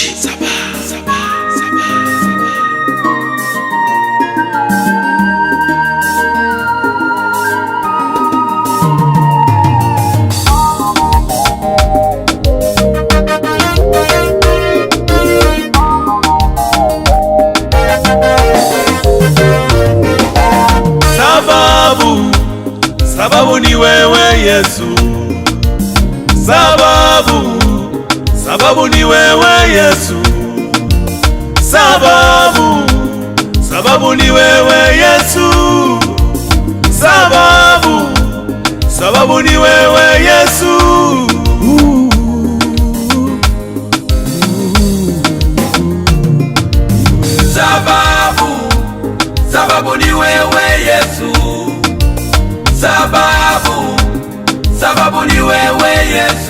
nchi Sabah, sababu sababu ni wewe Yesu sababu sababu ni wewe Yesu, sababu sababu ni wewe Yesu, sababu sababu ni wewe Yesu. Sababu ni wewe Yesu, sababu ni wewe Yesu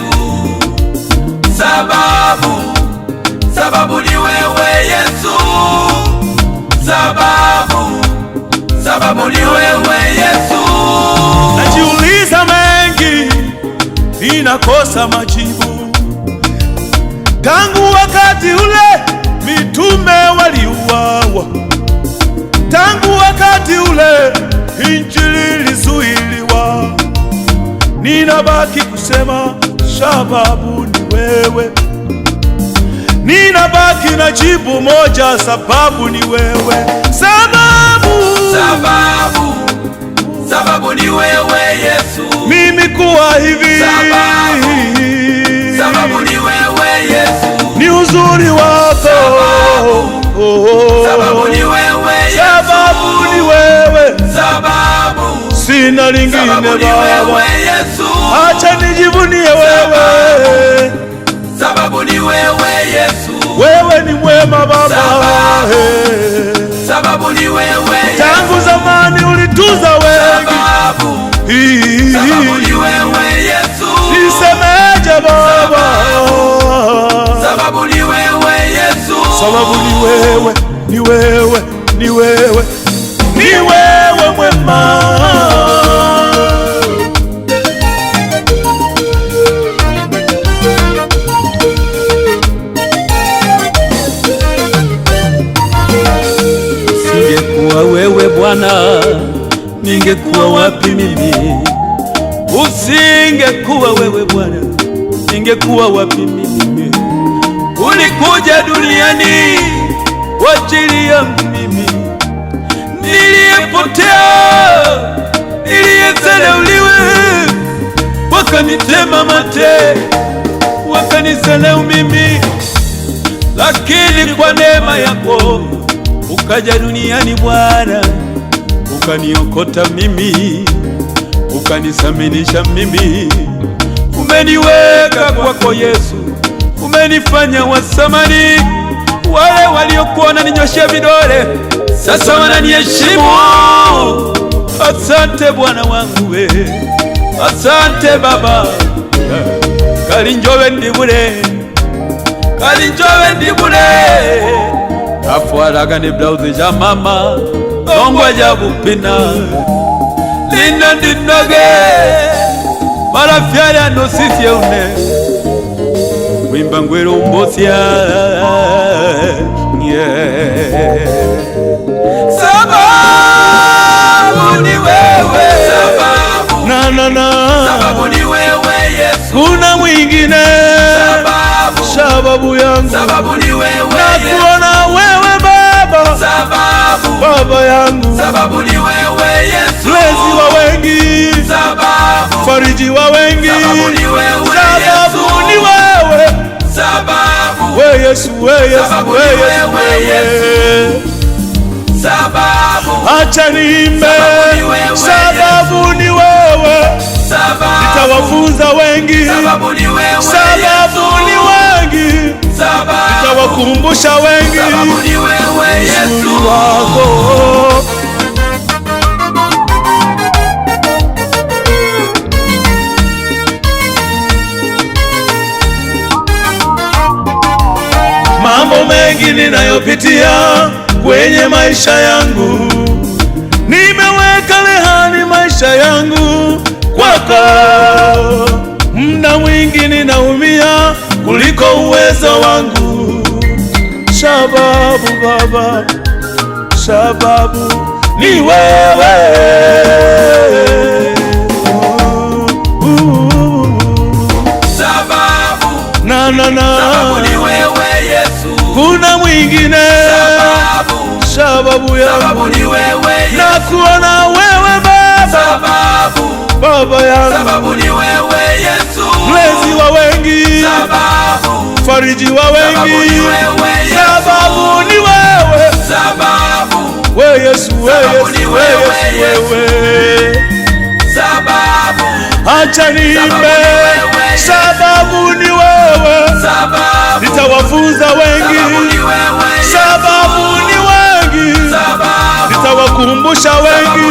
sababu sababu ni wewe Yesu, sababu sababu ni wewe Yesu. Najiuliza mengi, ninakosa majibu. Tangu wakati ule mitume waliuawa, tangu wakati ule injili ilizuiliwa, ninabaki kusema sababu wewe, ninabaki na jibu moja, sababu ni wewe, sababu, sababu, sababu ni wewe Yesu, mimi kuwa hivi sababu, sababu ni wewe Yesu, ni uzuri wako sababu, oh, oh, oh. sababu jina lingine Baba, acha nijivunie wewe, sababu ni wewe Yesu, wewe ni mwema Baba, sababu ni wewe tangu zamani ulituza wengi, sababu ni wewe Yesu, nisemeje Baba, sababu ni wewe Yesu, sababu ni wewe, ni wewe, ni wewe ningekuwa wapi mimi? Usingekuwa wewe Bwana, ningekuwa wapi mimi? Ulikuja duniani kwa ajili yangu mimi, niliyepotea, niliyedharauliwa, wakanitema mate, wakanisahau mimi, lakini kwa neema yako ukaja duniani Bwana ukaniokota mimi, ukanisaminisha mimi, umeniweka kwako Yesu, umenifanya wasamani. Wale waliokuwa wananinyoshea vidole sasa wananiheshimu. Asante Bwana wangu we, asante Baba, kalinjowe ndibule, kalinjowe ndibule, afwalagane blauzi ya mama Songwe jabupina Lina ndinoge mala fiara no sifia une Wimba ngwero mbosia nye Sababu ni wewe Sababu Na na na Sababu ni wewe Yesu Kuna mwingine Sababu Sababu yangu Sababu ni wewe Yesu yangu, sababu ni wewe Yesu, mlezi wa wengi, sababu fariji wa wengi, sababu ni wewe Yesu, acha niimbe sababu wakumbusha wengi uzuri wako. Mambo mengi ninayopitia kwenye maisha yangu, nimeweka rehani maisha yangu kwako. mna mwingi ninaumia kuliko uwezo wangu sababu Baba, sababu ni wewe sababu, na, na, na. Sababu ni wewe Yesu, kuna mwingine sababu, sababu yangu na kuona wewe Baba, sababu, Baba yangu, sababu ni wewe Yesu, mlezi wa wengi sababu, mfariji wa wengi, sababu ni wewe, we Yesu, we Yesu, we Yesu, wewe acha niimbe, sababu ni wewe, nitawafunza wengi, sababu ni wengi, nitawakumbusha wengi